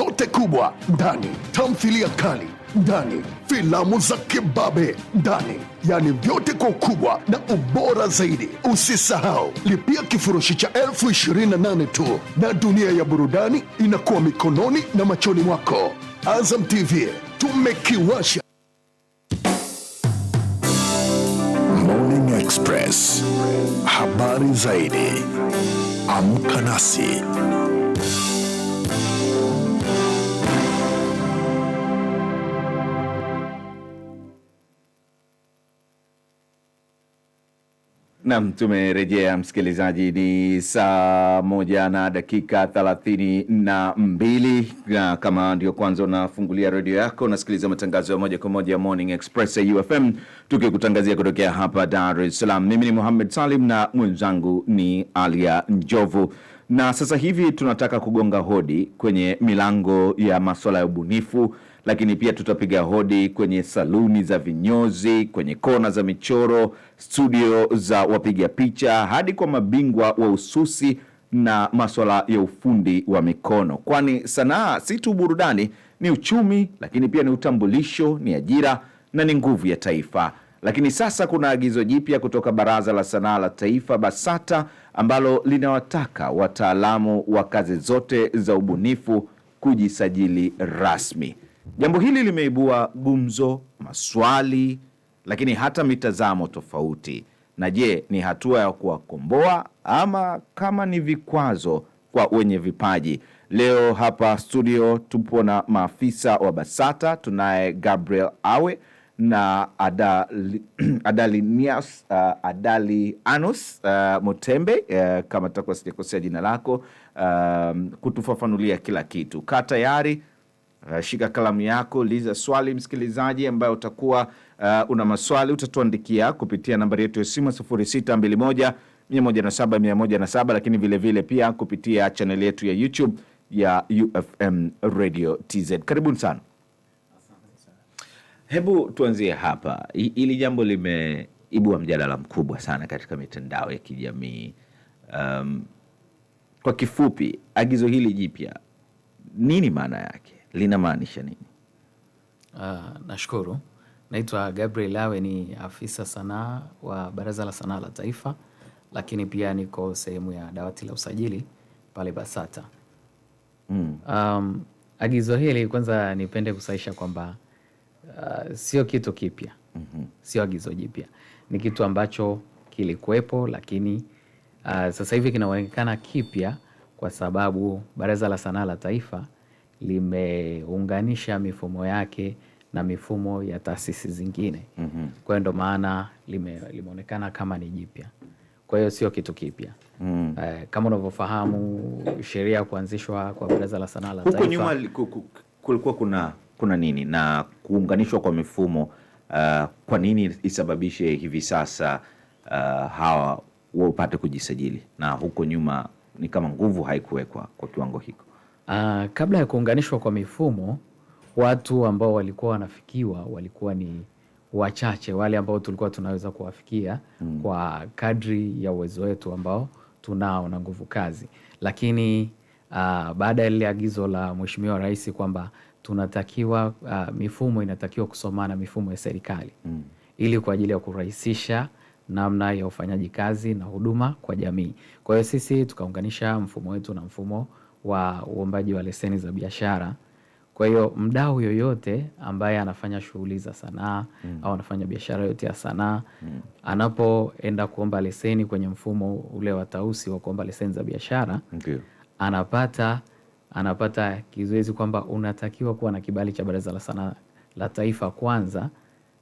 zote kubwa ndani, tamthilia kali ndani, filamu za kibabe ndani, yani vyote kwa ukubwa na ubora zaidi. Usisahau lipia kifurushi cha elfu ishirini na nane tu na dunia ya burudani inakuwa mikononi na machoni mwako. Azam TV tumekiwasha. Morning Express, habari zaidi. Amka nasi Nam, tumerejea msikilizaji, ni saa moja na dakika thelathini na mbili na kama ndio kwanza unafungulia redio yako, unasikiliza matangazo ya moja kwa moja Morning Express ya UFM tukikutangazia kutokea hapa Dar es Salaam. Mimi ni Muhamed Salim na mwenzangu ni Alia Njovu, na sasa hivi tunataka kugonga hodi kwenye milango ya maswala ya ubunifu lakini pia tutapiga hodi kwenye saluni za vinyozi, kwenye kona za michoro, studio za wapiga picha, hadi kwa mabingwa wa ususi na maswala ya ufundi wa mikono, kwani sanaa si tu burudani, ni uchumi, lakini pia ni utambulisho, ni ajira na ni nguvu ya taifa. Lakini sasa kuna agizo jipya kutoka Baraza la Sanaa la Taifa, BASATA, ambalo linawataka wataalamu wa kazi zote za ubunifu kujisajili rasmi. Jambo hili limeibua gumzo, maswali, lakini hata mitazamo tofauti. Na je, ni hatua ya kuwakomboa ama kama ni vikwazo kwa wenye vipaji? Leo hapa studio tupo na maafisa wa BASATA. Tunaye Gabriel Awe na Adali, Adali, Nias, uh, Adali Anus uh, Mutembe uh, kama takuwa sijakosea jina lako uh, kutufafanulia kila kitu. Kaa tayari Eh, shika kalamu yako, liza swali msikilizaji, ambayo utakuwa uh, una maswali utatuandikia kupitia nambari yetu ya simu 0621 lakini vilevile vile pia kupitia chaneli yetu ya YouTube ya UFM Radio TZ. Karibuni sana. Hebu tuanzie hapa. Hili jambo limeibua mjadala mkubwa sana katika mitandao ya kijamii. Um, kwa kifupi, agizo hili jipya nini maana yake? linamaanisha nini? Uh, nashukuru. Naitwa Gabriel awe ni afisa sanaa wa Baraza la Sanaa la Taifa, lakini pia niko sehemu ya dawati la usajili pale BASATA. Mm. Um, agizo hili kwanza nipende kusaisha kwamba uh, sio kitu kipya. Mm -hmm. Sio agizo jipya, ni kitu ambacho kilikuwepo, lakini uh, sasa hivi kinaonekana kipya kwa sababu Baraza la Sanaa la Taifa limeunganisha mifumo yake na mifumo ya taasisi zingine. mm -hmm. Kwa hiyo ndo maana limeonekana lime kama ni jipya, kwa hiyo sio kitu kipya. mm -hmm. kama unavyofahamu sheria ya kuanzishwa kwa Baraza la Sanaa la Taifa nyuma kulikuwa kuna, kuna nini na kuunganishwa kwa mifumo uh, kwa nini isababishe hivi sasa uh, hawa wapate kujisajili na huko nyuma ni kama nguvu haikuwekwa kwa kiwango hiko? Uh, kabla ya kuunganishwa kwa mifumo, watu ambao walikuwa wanafikiwa walikuwa ni wachache, wale ambao tulikuwa tunaweza kuwafikia mm. kwa kadri ya uwezo wetu ambao tunao na nguvu kazi. Lakini uh, baada ya lile agizo la Mheshimiwa Rais kwamba tunatakiwa uh, mifumo inatakiwa kusomana mifumo ya serikali mm. ili kwa ajili ya kurahisisha namna ya ufanyaji kazi na huduma kwa jamii. Kwa hiyo sisi tukaunganisha mfumo wetu na mfumo wa uombaji wa leseni za biashara. Kwa hiyo mdau yoyote ambaye anafanya shughuli za sanaa mm. au anafanya biashara yoyote ya sanaa mm. anapoenda kuomba leseni kwenye mfumo ule wa Tausi wa kuomba leseni za biashara okay. anapata anapata kizuizi kwamba unatakiwa kuwa na kibali cha Baraza la Sanaa la Taifa kwanza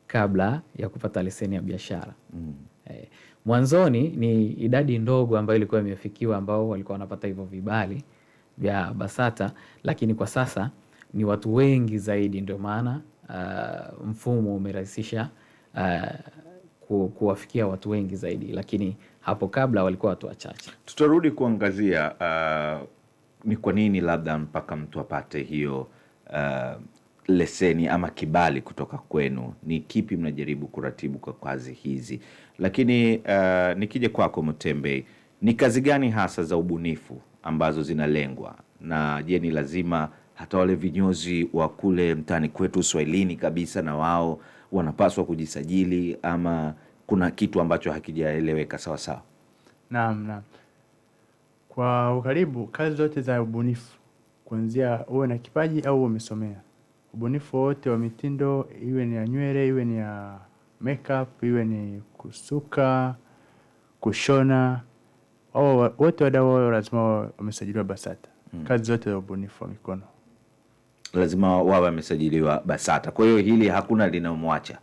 kabla ya kupata leseni ya biashara mm. eh, mwanzoni ni idadi ndogo ambayo ilikuwa imefikiwa ambao walikuwa wanapata hivyo vibali vya BASATA, lakini kwa sasa ni watu wengi zaidi, ndio maana uh, mfumo umerahisisha uh, kuwafikia watu wengi zaidi, lakini hapo kabla walikuwa watu wachache. Tutarudi kuangazia uh, ni kwa nini labda mpaka mtu apate hiyo uh, leseni ama kibali kutoka kwenu, ni kipi mnajaribu kuratibu kwa kazi hizi? Lakini uh, nikija kwako mtembei ni kazi gani hasa za ubunifu ambazo zinalengwa. Na je, ni lazima hata wale vinyozi wa kule mtaani kwetu Swahilini kabisa na wao wanapaswa kujisajili ama kuna kitu ambacho hakijaeleweka sawa sawa? Naam, naam. Kwa ukaribu, kazi zote za ubunifu kuanzia uwe na kipaji au umesomea, ubunifu wote wa mitindo, iwe ni ya nywele, iwe ni ya makeup, iwe ni kusuka, kushona Oh, wote wadau wao lazima wamesajiliwa BASATA. Mm. Kazi zote za ubunifu wa mikono lazima wawe wamesajiliwa BASATA. Kwa hiyo hili hakuna linamwacha.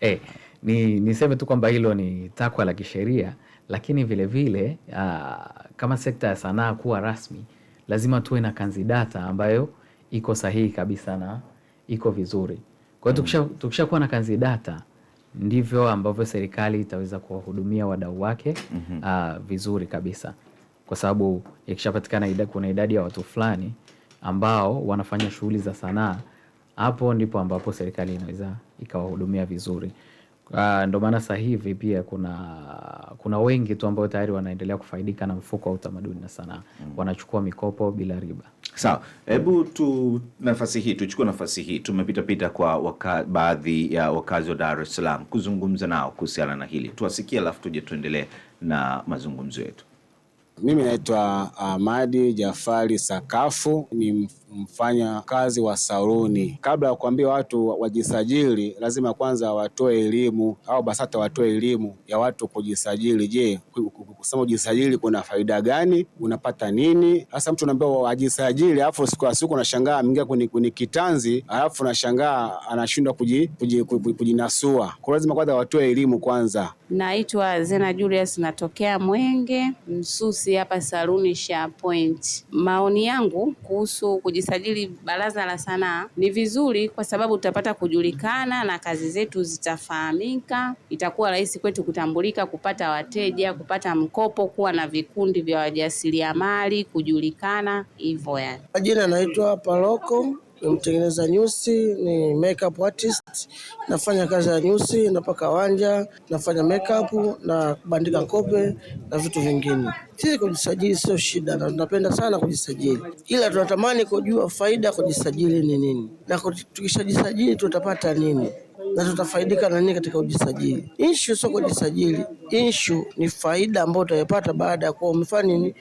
Eh, ni niseme tu kwamba hilo ni takwa la kisheria, lakini vilevile vile, ah, kama sekta ya sanaa kuwa rasmi lazima tuwe na data ambayo iko sahihi kabisa na iko vizuri. Kwa hiyo mm. tukishakuwa tukisha na data, ndivyo ambavyo serikali itaweza kuwahudumia wadau wake mm -hmm. uh, vizuri kabisa, kwa sababu ikishapatikana ida, kuna idadi ya watu fulani ambao wanafanya shughuli za sanaa, hapo ndipo ambapo serikali inaweza ikawahudumia vizuri. Uh, ndo maana sasa hivi pia kuna kuna wengi tu ambao tayari wanaendelea kufaidika na mfuko wa utamaduni na sanaa mm. Wanachukua mikopo bila riba. Sawa, hebu tu nafasi hii tuchukue nafasi hii, tumepita pita kwa waka, baadhi ya wakazi wa Dar es Salaam kuzungumza nao kuhusiana na hili, tuwasikie alafu tuje tuendelee na mazungumzo yetu. Mimi naitwa Ahmadi Jafari Sakafu, ni mfanya kazi wa saluni. Kabla ya kuambia watu wajisajili, lazima kwanza watoe elimu au BASATA watoe elimu ya watu kujisajili. Je, kusema ujisajili kuna faida gani? Unapata nini? Sasa mtu unaambiwa wajisajili alafu siku ya siku unashangaa ameingia kwenye kitanzi, alafu unashangaa anashindwa kujinasua. Kwa lazima kwanza watoe elimu kwanza. Naitwa Zena Julius, natokea Mwenge, msusi hapa saluni Sha Point. Maoni yangu kuhusu kuji kujisajili Baraza la Sanaa ni vizuri, kwa sababu tutapata kujulikana na kazi zetu zitafahamika. Itakuwa rahisi kwetu kutambulika, kupata wateja, kupata mkopo, kuwa na vikundi vya wajasiriamali, kujulikana hivyo. Yani, majina anaitwa Paroko mtengeneza nyusi, ni makeup artist. Nafanya kazi ya nyusi, napaka wanja, nafanya makeup na bandika kope na vitu vingine. Sisi kujisajili sio shida, na tunapenda sana kujisajili, ila tunatamani kujua faida ya kujisajili ni nini, na tukishajisajili tutapata nini na tutafaidika na nini katika kujisajili. Issue sio kujisajili, issue ni faida ambayo utayapata baada ya kuwa umefanya nini,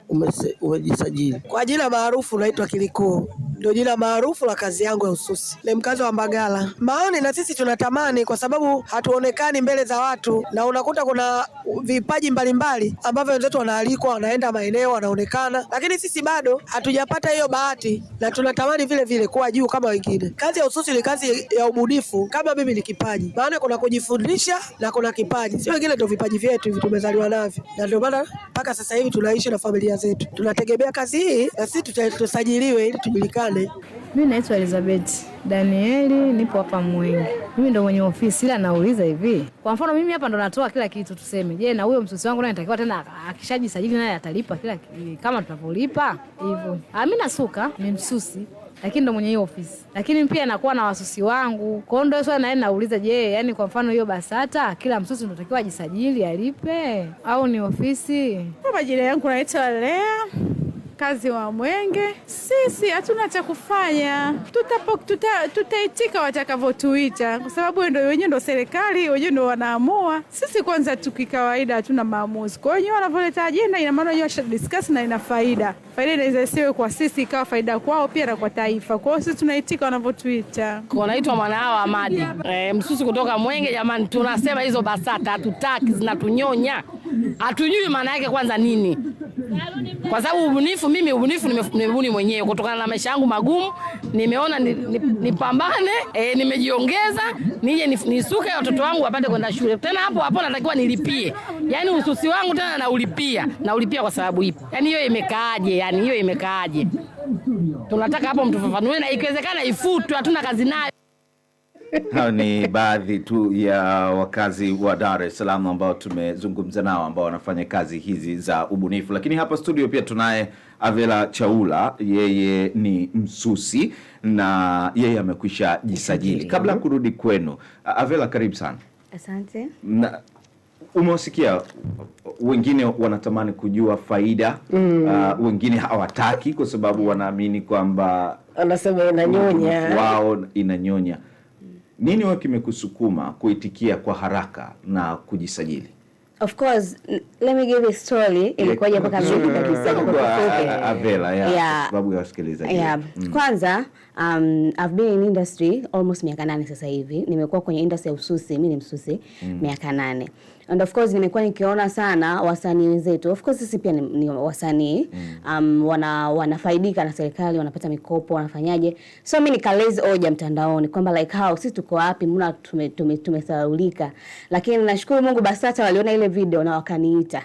umejisajili. Kwa jina maarufu naitwa Kilikuu ndio jina maarufu la kazi yangu ya ususi. Ni mkazi wa Mbagala. Maoni na sisi tunatamani, kwa sababu hatuonekani mbele za watu, na unakuta kuna vipaji mbalimbali ambavyo wenzetu wanaalikwa, wanaenda maeneo, wanaonekana, lakini sisi bado hatujapata hiyo bahati, na tunatamani vile vile kuwa juu kama wengine. Kazi ya ususi ni kazi ya ubunifu, kama mimi ni kipaji, maana kuna kujifundisha na kuna kipaji, sio wengine ndio vipaji vyetu hivi tumezaliwa navyo, na ndio maana mpaka sasa hivi tunaishi na familia zetu. Tunategemea kazi hii na sisi tusajiliwe ili tujulikane pale. Mi naitwa Elizabeth Danieli, nipo hapa Mwenge. Mimi ndo mwenye ofisi, ila nauliza hivi, kwa mfano mimi hapa ndo natoa kila kitu, tuseme je, na huyo msusi wangu naye natakiwa tena akishajisajili naye atalipa kila kitu eh, kama tunavyolipa hivyo? Ah, Mi nasuka, ni msusi lakini ndo mwenye hiyo ofisi, lakini pia nakuwa na wasusi wangu. Kwa hiyo ndo swali naye nauliza, je, yani kwa mfano hiyo BASATA kila msusi ndo takiwa ajisajili alipe au ni ofisi? Kwa majina yangu naitwa Lea wakazi wa Mwenge, sisi hatuna cha kufanya, tutaitika tuta, watakavyotuita kwa sababu wenyewe ndo serikali, wenyewe ndo wanaamua. Sisi kwanza tukikawaida hatuna maamuzi, kwa hiyo wenyewe wanavyoleta ajenda, ina maana wenyewe discuss na ina faida. Faida inaweza isiwe kwa sisi ikawa faida kwao pia na kwa taifa. Kwa hiyo sisi tunaitika wanavyotuita. Wanaitwa Mwanahawa Amadi e, eh, msusi kutoka Mwenge. Jamani, tunasema hizo BASATA hatutaki, zinatunyonya hatujui maana yake kwanza nini, kwa sababu ubunifu, mimi ubunifu nimebuni mwenyewe kutokana na maisha yangu magumu. Nimeona nipambane, e, nimejiongeza nije nisuke watoto wangu wapate kwenda shule. Tena hapo hapo natakiwa nilipie, yani ususi wangu tena naulipia, naulipia kwa sababu ipi? Yani hiyo imekaaje? Yani hiyo imekaaje? Tunataka hapo mtufafanue, na ikiwezekana ifutwe, hatuna kazi nayo. Hao ni baadhi tu ya wakazi wa Dar es Salaam ambao tumezungumza nao ambao wanafanya kazi hizi za ubunifu, lakini hapa studio pia tunaye Avela Chaula, yeye ni msusi na yeye amekwisha jisajili. Kabla ya kurudi kwenu, Avela, karibu sana. Asante. Na umewasikia wengine wanatamani kujua faida mm. Uh, wengine hawataki kwa sababu wanaamini kwamba anasema inanyonya wao, inanyonya nini wewe kimekusukuma kuitikia kwa haraka na kujisajili? Of course, let me give a story ilikuwaje mpaka mm. mimi nikajisajili kwa Avela ya sababu ya wasikilizaji. Yeah. Mm. Kwanza um, I've been in industry almost miaka nane sasa hivi. Nimekuwa kwenye industry ya ususi, mimi ni msusi mm. miaka nane and of course nimekuwa nikiona sana wasanii wenzetu, of course sisi pia ni, ni wasanii mm. um, wana wanafaidika na serikali, wanapata mikopo, wanafanyaje. So mimi nikalezi oja mtandaoni kwamba like how sisi tuko wapi, mbona tumesahaulika tume, lakini nashukuru Mungu BASATA waliona ile video na wakaniita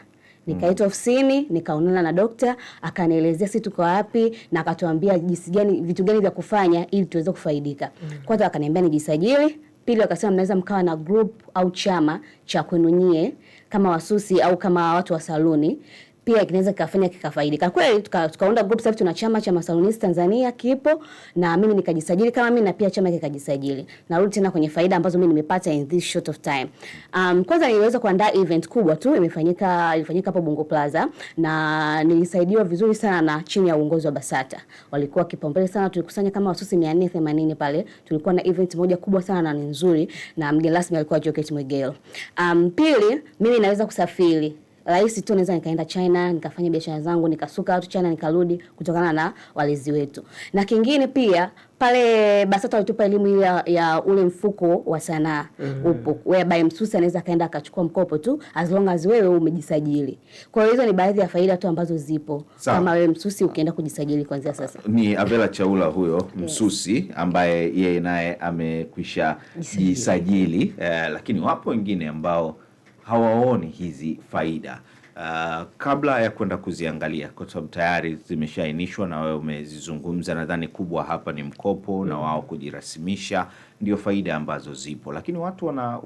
nikaita mm. ofisini nikaonana na dokta akanielezea sisi tuko wapi, na akatuambia jinsi gani, vitu gani vya kufanya ili tuweze kufaidika. mm. Kwanza akaniambia nijisajili, Pili wakasema mnaweza mkawa na group au chama cha kwenu nyie kama wasusi au kama watu wa saluni pia kinaweza kikafanya kikafaidi. Kwa kweli tukaunda group sasa tuna chama cha masalonisti Tanzania kipo na mimi nikajisajili kama mimi na pia chama kikajisajili. Narudi tena kwenye faida ambazo mimi nimepata in this short of time. Um, kwanza niliweza kuandaa event kubwa tu imefanyika ilifanyika hapo Bongo Plaza na nilisaidiwa vizuri sana na chini ya uongozi wa Basata. Walikuwa kipaumbele sana, tulikusanya kama wasusi 480 pale. Tulikuwa na event moja kubwa sana na nzuri na mgeni rasmi alikuwa Joket Mwegelo. Um, pili mimi naweza kusafiri rahisi tu naweza nikaenda China nikafanya biashara zangu nikasuka watu China nikarudi, kutokana na walezi wetu. Na kingine pia pale BASATA walitupa elimu ya, ya ule mfuko wa sanaa mm -hmm. upo whereby msusi anaweza akaenda akachukua mkopo tu as long as wewe umejisajili. Kwa hiyo hizo ni baadhi ya faida tu ambazo zipo Sa. kama wewe msusi ukienda kujisajili kuanzia sasa. Ni Avela Chaula huyo msusi ambaye yeye naye amekwisha jisajili, jisajili. Eh, lakini wapo wengine ambao hawaoni hizi faida uh, kabla ya kwenda kuziangalia kwa sababu tayari zimeshaainishwa na wewe umezizungumza. Nadhani kubwa hapa ni mkopo na wao kujirasimisha, ndio faida ambazo zipo, lakini watu wana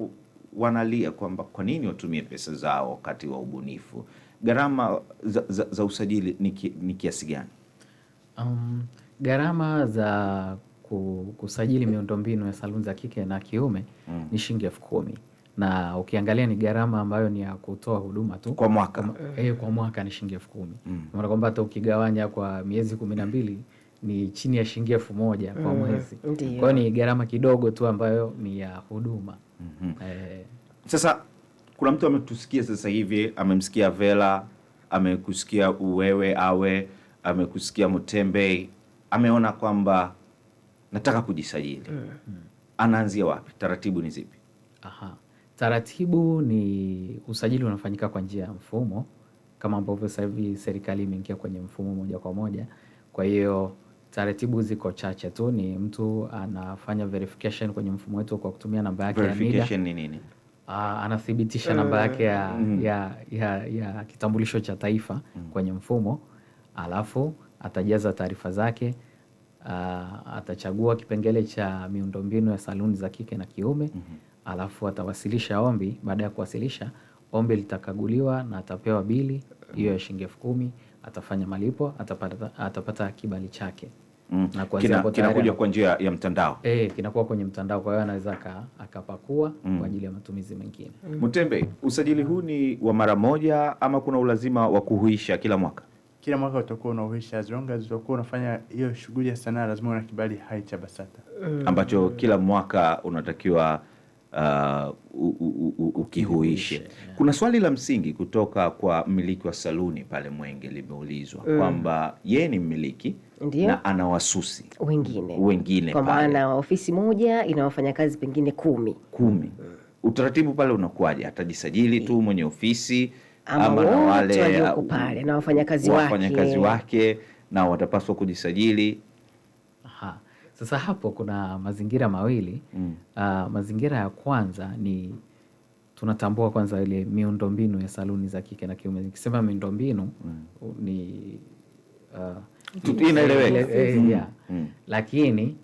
wanalia kwamba kwa nini watumie pesa zao wakati wa ubunifu. Gharama za, za, za usajili ni kiasi gani? Um, gharama za kusajili miundombinu ya saluni za kike na kiume mm. ni shilingi elfu kumi na ukiangalia ni gharama ambayo ni ya kutoa huduma tu kwa mwaka, kwa, eh, kwa mwaka ni shilingi elfu kumi mm. kwamba hata ukigawanya kwa miezi kumi na mbili ni chini ya shilingi elfu moja kwa mm-hmm. mwezi mm. kwa hiyo ni gharama kidogo tu ambayo ni ya huduma mm -hmm. eh. Sasa kuna mtu ametusikia sasa hivi, amemsikia vela amekusikia uwewe awe amekusikia Mutembei, ameona kwamba nataka kujisajili mm. anaanzia wapi? taratibu ni zipi? Aha. Taratibu ni usajili unafanyika kwa njia ya mfumo kama ambavyo sasa hivi serikali imeingia kwenye mfumo moja kwa moja. Kwa hiyo taratibu ziko chache tu, ni mtu anafanya verification kwenye mfumo wetu kwa kutumia namba yake ya NIDA. ni nini? Ah, anathibitisha namba eh, yake ya, mm-hmm. ya, ya, ya kitambulisho cha taifa mm. kwenye mfumo, alafu atajaza taarifa zake, uh, atachagua kipengele cha miundombinu ya saluni za kike na kiume, mm-hmm alafu atawasilisha ombi. Baada ya kuwasilisha ombi, litakaguliwa na atapewa bili hiyo ya shilingi elfu kumi. Atafanya malipo, atapata, atapata kibali chake mm. na kinakuja kina kwa njia ya mtandao e, kinakuwa kwenye mtandao, kwa hiyo anaweza akapakua mm. kwa ajili ya matumizi mengine mm. Mtembe, usajili huu ni wa mara moja ama kuna ulazima wa kuhuisha kila mwaka? Kila mwaka utakuwa unahuisha, as long as utakuwa unafanya hiyo shughuli ya sanaa, lazima una kibali hai cha BASATA mm. ambacho kila mwaka unatakiwa uh, ukihuishe. Yeah. Kuna swali la msingi kutoka kwa mmiliki wa saluni pale Mwenge limeulizwa mm. kwamba yeye ni mmiliki Ndiyo. na ana wasusi wengine wengine, kwa maana ofisi moja ina wafanyakazi pengine kumi kumi mm. utaratibu pale unakuwaje? Atajisajili tu mwenye ofisi ama na wale pale na wafanyakazi wake, wafanyakazi wake nao watapaswa kujisajili sasa hapo kuna mazingira mawili mm. Uh, mazingira ya kwanza ni tunatambua kwanza ile miundombinu ya saluni za kike na kiume. Nikisema miundombinu mm. ni uh, inaeleweka eh, eh mm. yeah. mm. lakini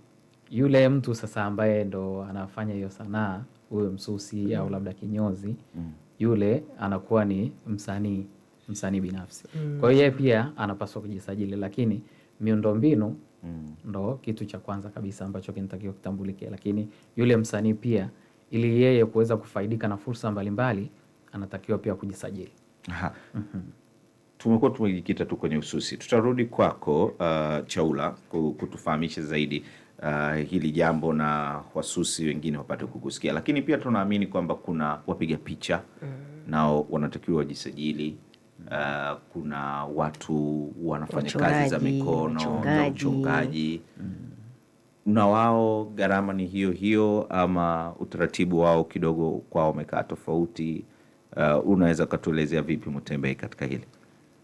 yule mtu sasa ambaye ndo anafanya hiyo sanaa, huyo msusi mm. au labda kinyozi mm. yule anakuwa ni msanii msanii binafsi mm. kwa hiyo yeye pia anapaswa kujisajili, lakini miundombinu mm. Ndo kitu cha kwanza kabisa ambacho kinatakiwa kitambulike, lakini yule msanii pia, ili yeye kuweza kufaidika na fursa mbalimbali, anatakiwa pia kujisajili. mm -hmm. Tumekuwa tumejikita tu kwenye ususi, tutarudi kwako uh, Chaula kutufahamisha zaidi Uh, hili jambo na wasusi wengine wapate kukusikia, lakini pia tunaamini kwamba kuna wapiga picha mm. nao wanatakiwa wajisajili Uh, kuna watu wanafanya kazi za mikono uchungaji, za mm. Na wao gharama ni hiyo hiyo, ama utaratibu wao kidogo kwao umekaa tofauti. Uh, unaweza ukatuelezea vipi mtembei katika hili?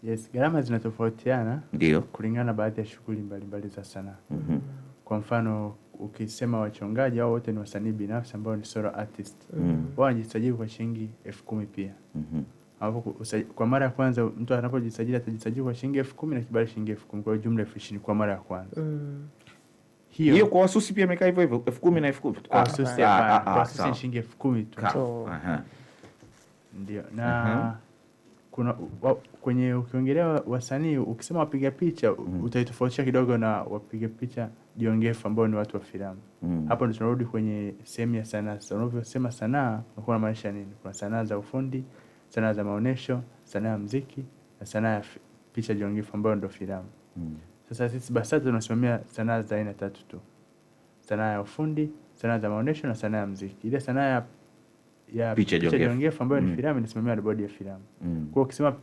Yes, gharama zinatofautiana ndio kulingana na baadhi ya shughuli mbalimbali za sanaa mm -hmm. Kwa mfano ukisema wachongaji au wote ni wasanii binafsi ambao ni solo artist mm -hmm. Wao wanajisajili kwa shilingi elfu kumi pia mm -hmm ambapo kwa mara ya kwanza mtu anapojisajili atajisajili kwa shilingi elfu kumi na kibali shilingi elfu kumi kwa jumla elfu ishirini kwa mara ya kwanza mm. Hiyo, hiyo kwa wasusi pia imekaa hivyo hivyo elfu kumi na elfu kumi kwa wasusi ah, ah, ah, ni shilingi elfu kumi tu ndio na Kuna wa, kwenye ukiongelea wasanii ukisema wapiga picha mm. utaitofautisha kidogo na wapiga picha jongefu ambao ni watu wa filamu mm. Hapo ndio tunarudi kwenye sehemu ya sanaa. Sasa unavyosema sanaa unakuwa na maanisha nini? Kuna sanaa za ufundi sanaa za maonyesho, sanaa ya mziki na sanaa ya picha jongifu ambayo ndo filamu. Mm. Sasa sisi BASATA tunasimamia sanaa za aina tatu tu. Sanaa ya ufundi, sanaa za maonyesho na sanaa ya mziki. Ile sanaa ya ya picha jongefu ambayo ni mm. filamu inasimamia na bodi ya filamu. Mm. kwao. ukisema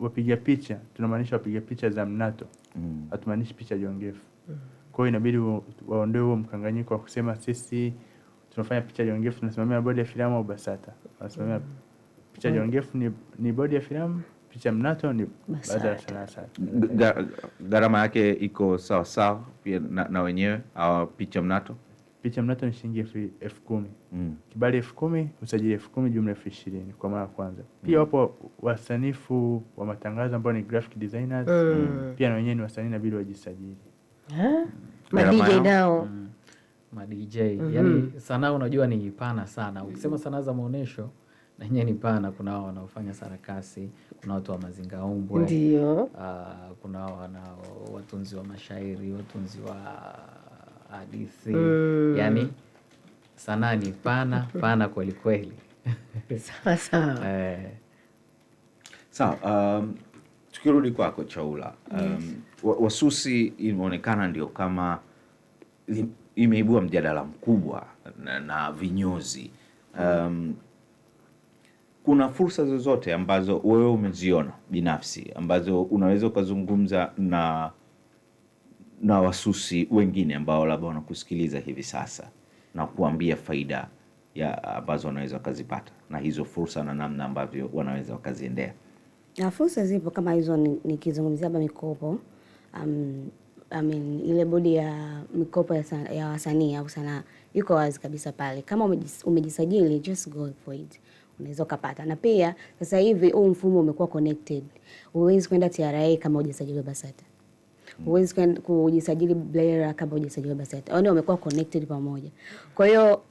wapiga picha tunamaanisha wapiga picha za mnato. Mm. Hatumaanishi picha jongefu. mm. kwao inabidi waondoe huo mkanganyiko wa kusema sisi tunafanya picha jongefu tunasimamia bodi ya filamu au BASATA. Tunasimamia mm picha jongefu mm. ni, ni bodi ya filamu, picha mnato ni baada ya sanaa. Gharama yake iko sawa sawa pia na, na wenyewe au picha mnato? Picha mnato ni shilingi elfu kumi mm. Kibali elfu kumi usajili elfu kumi jumla elfu ishirini kwa mara ya kwanza. Pia mm. wapo wasanifu wa matangazo ambao ni graphic designers eh. mm. Pia na wenyewe ni wasanii inabidi wajisajili mm. madj nao madj. Mm-hmm. Yani sanaa unajua ni pana sana, ukisema sanaa za maonyesho na ni pana. Kuna wao wanaofanya sarakasi, kuna watu wa umbwe, ndio uh, kuna wanao watunzi wa mashairi, watunzi wa hadithi mm. Yani sanaa ni pana pana kweli kweli. sawa sawa eh. Sawa, um, tukirudi kwako Chaula, um, Wasusi imeonekana ndio kama imeibua mjadala mkubwa na, na vinyozi mm. um, kuna fursa zozote ambazo wewe umeziona binafsi ambazo unaweza ukazungumza na na wasusi wengine ambao labda wanakusikiliza hivi sasa na kuambia faida ya ambazo wanaweza wakazipata na hizo fursa na namna ambavyo wanaweza wakaziendea? Na fursa zipo kama hizo, nikizungumzia ba mikopo um, I mean, ile bodi ya mikopo ya, ya wasanii au sanaa iko wazi kabisa pale. Kama umejisajili, just go for it unaweza ukapata. Na pia sasa hivi huu mfumo umekuwa connected, huwezi kwenda TRA kama hujasajiliwa BASATA huwezi kujisajili BRELA kama hujasajiliwa BASATA. Yaani wamekuwa connected pamoja. Kwa hiyo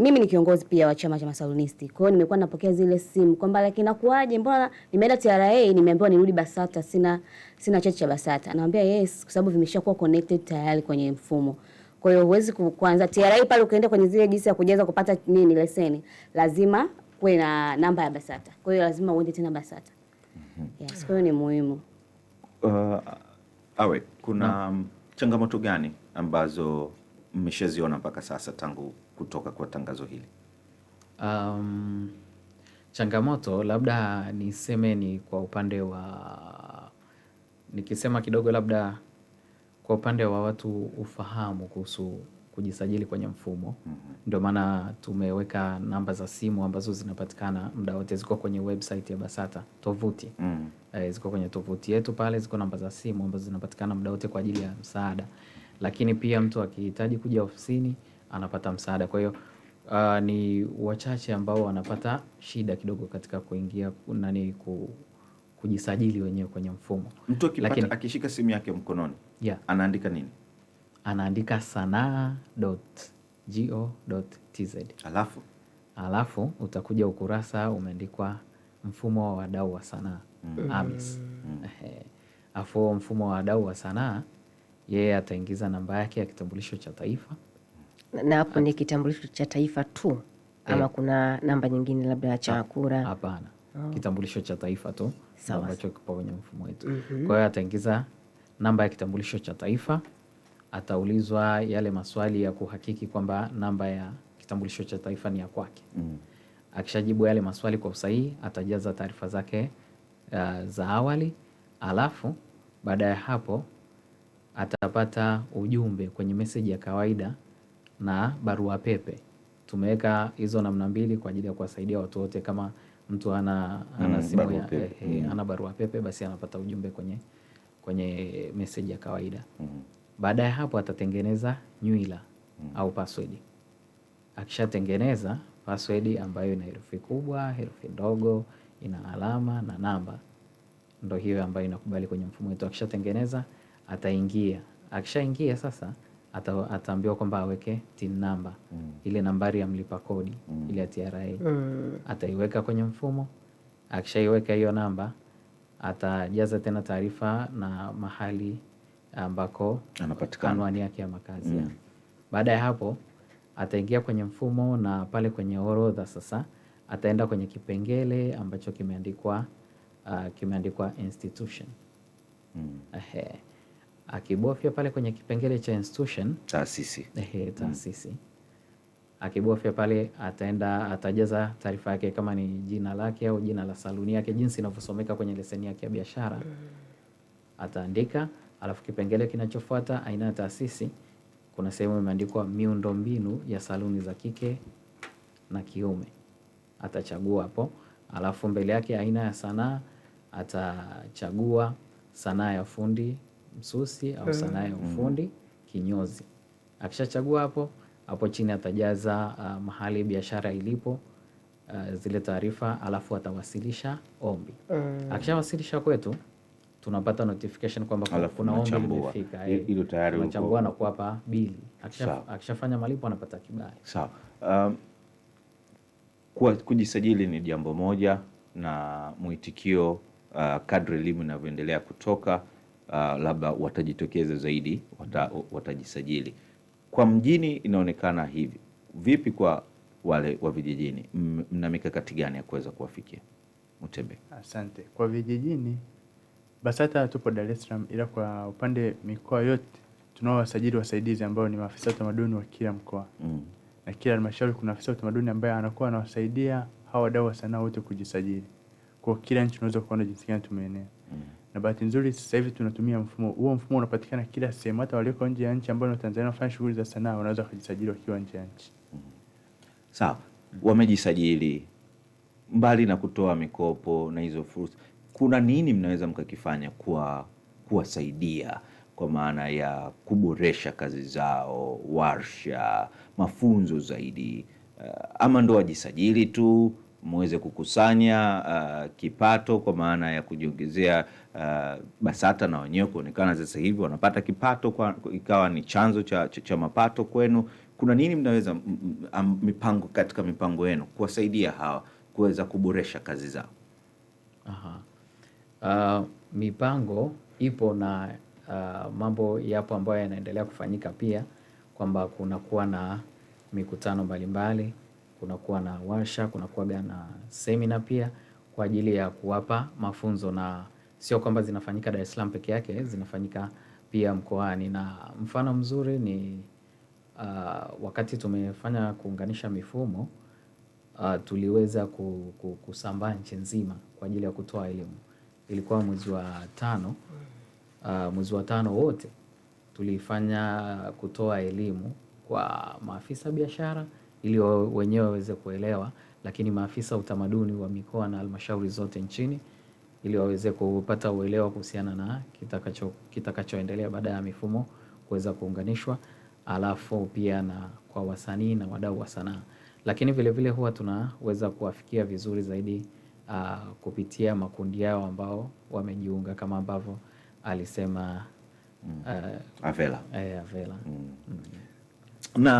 mimi ni kiongozi pia wa chama cha masalonisti. Kwa hiyo nimekuwa napokea zile simu kwamba lakini nakuaje, mbona nimeenda TRA nimeambiwa nirudi BASATA, sina sina cheti cha BASATA. Anawaambia yes, kwa sababu vimeshakuwa connected tayari kwenye mfumo. Kwa hiyo huwezi kuanza TRA pale ukaenda kwenye zile jinsi ya kujaza kupata nini leseni. Lazima kuwe na namba ya BASATA. Kwa hiyo lazima uende tena BASATA. Mhm. Yes, kwa hiyo ni muhimu. Uh, awe kuna hmm, changamoto gani ambazo mmeshaziona mpaka sasa tangu kutoka kwa tangazo hili? Um, changamoto labda niseme ni kwa upande wa nikisema kidogo labda kwa upande wa watu ufahamu kuhusu kujisajili kwenye mfumo mm -hmm. Ndio maana tumeweka namba za simu ambazo zinapatikana muda wote, ziko kwenye website ya BASATA tovuti mm -hmm. E, ziko kwenye tovuti yetu pale, ziko namba za simu ambazo zinapatikana muda wote kwa ajili ya msaada, lakini pia mtu akihitaji kuja ofisini anapata msaada. Kwa hiyo uh, ni wachache ambao wanapata shida kidogo katika kuingia nani ku kujisajili wenyewe kwenye mfumo. Mtu akipata akishika simu yake mkononi yeah. Anaandika nini? anaandika sanaa.go.tz alafu, alafu utakuja ukurasa umeandikwa mfumo wa wadau wa sanaa mm. AMIS mm. afu mfumo wa wadau wa sanaa yeye ataingiza namba yake ya kitambulisho cha taifa na hapo ni kitambulisho cha taifa tu ama eh. kuna namba nyingine labda ah, cha kura? Hapana, oh. Kitambulisho cha taifa tu ambacho kipo kwenye mfumo wetu. mm -hmm. Kwa hiyo ataingiza namba ya kitambulisho cha taifa ataulizwa yale maswali ya kuhakiki kwamba namba ya kitambulisho cha taifa ni ya kwake. Mm. Akishajibu yale maswali kwa usahihi atajaza taarifa zake uh, za awali, alafu baada ya hapo atapata ujumbe kwenye meseji ya kawaida na barua pepe. Tumeweka hizo namna mbili kwa ajili ya kuwasaidia watu wote. Kama mtu ana, ana mm, simu barua ya, pepe. Eh, eh mm. ana barua pepe basi anapata ujumbe kwenye, kwenye meseji ya kawaida mm. Baada ya hapo atatengeneza nywila mm. au password. Akishatengeneza password ambayo ina herufi kubwa, herufi ndogo, ina alama na namba, ndo hiyo ambayo inakubali kwenye mfumo wetu. Akishatengeneza ataingia. Akishaingia sasa ataambiwa kwamba aweke TIN namba mm. ile nambari ya mlipa kodi mm. ile ya TRA mm. ataiweka kwenye mfumo. Akishaiweka hiyo namba atajaza tena taarifa na mahali ambako anapatikana anwani yake ya makazi mm. Baada ya hapo ataingia kwenye mfumo na pale kwenye orodha sasa ataenda kwenye kipengele ambacho kimeandikwa uh, kimeandikwa institution mm. akibofya pale kwenye kipengele cha institution taasisi, ehe, mm. taasisi mm. Akibofya pale ataenda atajaza taarifa yake kama ni jina lake au jina la saluni yake jinsi inavyosomeka kwenye leseni yake ya biashara, mm. ataandika Alafu kipengele kinachofuata aina ya taasisi, kuna sehemu imeandikwa miundombinu ya saluni za kike na kiume, atachagua hapo. Alafu mbele yake aina ya sanaa, atachagua sanaa ya fundi msusi au hmm. sanaa ya hmm. ufundi kinyozi. Akishachagua hapo, hapo chini atajaza uh, mahali biashara ilipo uh, zile taarifa, alafu atawasilisha ombi. Hmm. Akishawasilisha kwetu tunapata notification kwamba kuna ombi limefika, hilo tayari unachambua na kuwapa bili. Akishafanya malipo anapata kibali. Sawa. Um, kujisajili ni jambo moja na mwitikio uh, kadri elimu inavyoendelea kutoka uh, labda watajitokeza zaidi wata, watajisajili. Kwa mjini inaonekana hivi. Vipi kwa wale wa vijijini, mna mikakati gani ya kuweza kuwafikia? Mtembe. Asante. Kwa vijijini BASATA tupo Dar es Salaam, ila kwa upande mikoa yote tunao wasajili wasaidizi ambao ni maafisa utamaduni wa kila mkoa mm. na kila halmashauri kuna afisa utamaduni ambaye anakuwa anawasaidia hawa wadau wa sanaa wote kujisajili. Kwa kila nchi unaweza kuona jinsi gani tumeenea mm. na bahati nzuri sasa hivi tunatumia mfumo huo, mfumo unapatikana kila sehemu, hata walioko nje ya nchi ambao ni Tanzania wanafanya shughuli za sanaa wanaweza kujisajili wakiwa nje ya nchi mm. Sawa, wamejisajili mbali na kutoa mikopo na hizo fursa kuna nini mnaweza mkakifanya kwa kuwasaidia kwa maana ya kuboresha kazi zao, warsha, mafunzo zaidi, eh, ama ndo wajisajili tu mweze kukusanya uh, kipato kwa maana ya kujiongezea uh, BASATA na wenyewe kuonekana sasa hivi wanapata kipato kwa, ikawa ni chanzo cha, cha, cha mapato kwenu. Kuna nini mnaweza mipango katika mipango yenu kuwasaidia hawa kuweza kuboresha kazi zao? Aha uh, mipango ipo na uh, mambo yapo ambayo yanaendelea kufanyika pia, kwamba kunakuwa na mikutano mbalimbali, kunakuwa na warsha, kunakuwaga na semina pia kwa ajili ya kuwapa mafunzo, na sio kwamba zinafanyika Dar es Salaam peke yake, zinafanyika pia mkoani, na mfano mzuri ni uh, wakati tumefanya kuunganisha mifumo uh, tuliweza kusambaa nchi nzima kwa ajili ya kutoa elimu ilikuwa mwezi wa tano. Uh, mwezi wa tano wote tulifanya kutoa elimu kwa maafisa biashara ili wenyewe waweze kuelewa, lakini maafisa utamaduni wa mikoa na halmashauri zote nchini ili waweze kupata uelewa kuhusiana na kitakacho kitakachoendelea baada ya mifumo kuweza kuunganishwa, alafu pia na kwa wasanii na wadau wa sanaa, lakini vilevile huwa tunaweza kuwafikia vizuri zaidi uh, kupitia makundi yao ambao wamejiunga kama ambavyo alisema mm. uh, Avela, eh, Avela. Mm. Mm. Na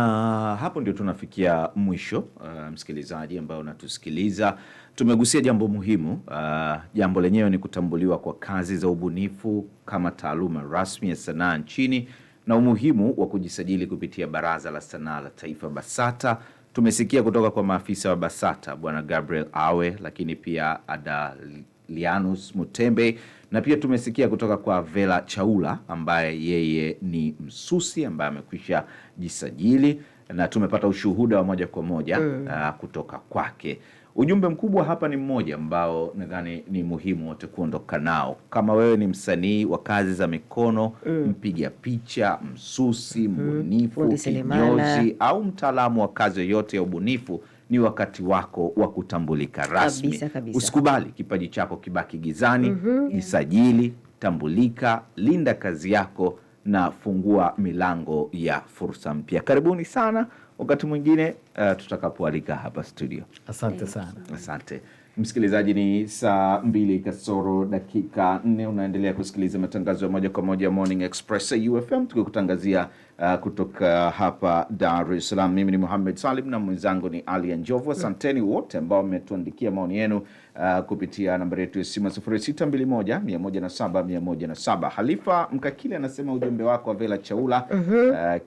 hapo ndio tunafikia mwisho uh, msikilizaji ambao unatusikiliza, tumegusia jambo muhimu uh, jambo lenyewe ni kutambuliwa kwa kazi za ubunifu kama taaluma rasmi ya sanaa nchini na umuhimu wa kujisajili kupitia Baraza la Sanaa la Taifa BASATA Tumesikia kutoka kwa maafisa wa BASATA Bwana Gabriel Awe, lakini pia Adalianus Mutembe na pia tumesikia kutoka kwa Vela Chaula ambaye yeye ni msusi ambaye amekwisha jisajili na tumepata ushuhuda wa moja kwa moja mm. uh, kutoka kwake. Ujumbe mkubwa hapa ni mmoja ambao nadhani ni muhimu wote kuondoka nao. Kama wewe ni msanii wa kazi za mikono mm. mpiga picha, msusi, mm-hmm. mbunifu mm. kinyozi au mtaalamu wa kazi yoyote ya ubunifu, ni wakati wako wa kutambulika rasmi. Kabisa, kabisa. Usikubali kipaji chako kibaki gizani. mm -hmm. Jisajili, tambulika, linda kazi yako na fungua milango ya fursa mpya. Karibuni sana wakati mwingine uh, tutakapoalika hapa studio. Asante sana, asante msikilizaji. Ni saa mbili kasoro dakika nne unaendelea kusikiliza matangazo ya moja kwa moja Morning Express UFM tukikutangazia uh, kutoka hapa Dar es Salaam. Mimi ni Muhamed Salim na mwenzangu ni Ali Njovu. Asanteni wote ambao mmetuandikia maoni yenu uh, kupitia nambari yetu ya simu 0621 Halifa Mkakile anasema ujumbe wako wa Vela Chaula uh,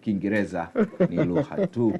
Kiingereza ni lugha tu uh,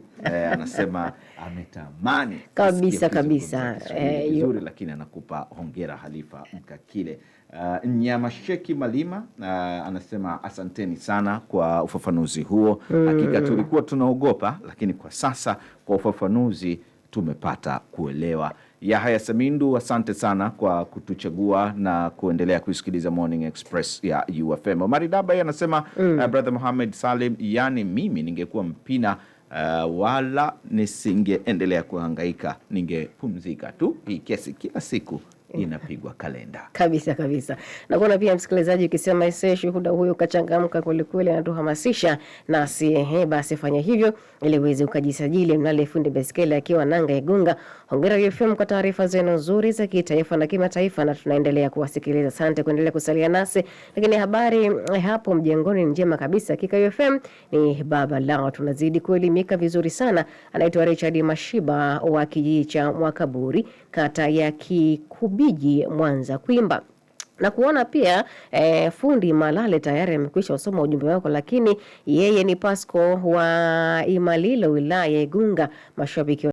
anasema ametamani kabisa kabisa eh, vizuri, eh, lakini anakupa hongera Halifa Mkakile. Uh, ah, Nyamasheki Malima uh, anasema asanteni sana kwa ufafanuzi huo. Hakika eh. tulikuwa tunaogopa, lakini kwa sasa kwa ufafanuzi tumepata kuelewa. yahaya Samindu, asante sana kwa kutuchagua na kuendelea kuisikiliza Morning Express ya UFM. Omari daba anasema mm. uh, brother Muhamed Salim, yani mimi ningekuwa mpina uh, wala nisingeendelea kuhangaika, ningepumzika tu hii kesi kila siku inapigwa kalenda kabisa kabisa. Nakuona pia msikilizaji ukisema ise shuhuda huyo ukachangamka kwelikweli, anatuhamasisha nasi. Ehe, basi fanya hivyo ili uweze ukajisajili. Mnale fundi beskeli akiwa nanga Igunga. Hongera FM kwa taarifa zenu nzuri za kitaifa na kimataifa, na tunaendelea kuwasikiliza. Asante kuendelea kusalia nasi, lakini habari eh, hapo mjengoni ni njema kabisa. Hakika FM ni baba lao, tunazidi kuelimika vizuri sana. Anaitwa Richard Mashiba wa kijiji cha Mwakaburi, kata ya Kikubu Mabiji Mwanza Kwimba na kuona pia eh, fundi Malale tayari amekwisha usoma ujumbe wako, lakini yeye ni Pasco wa Imalilo wilaya Igunga mashabiki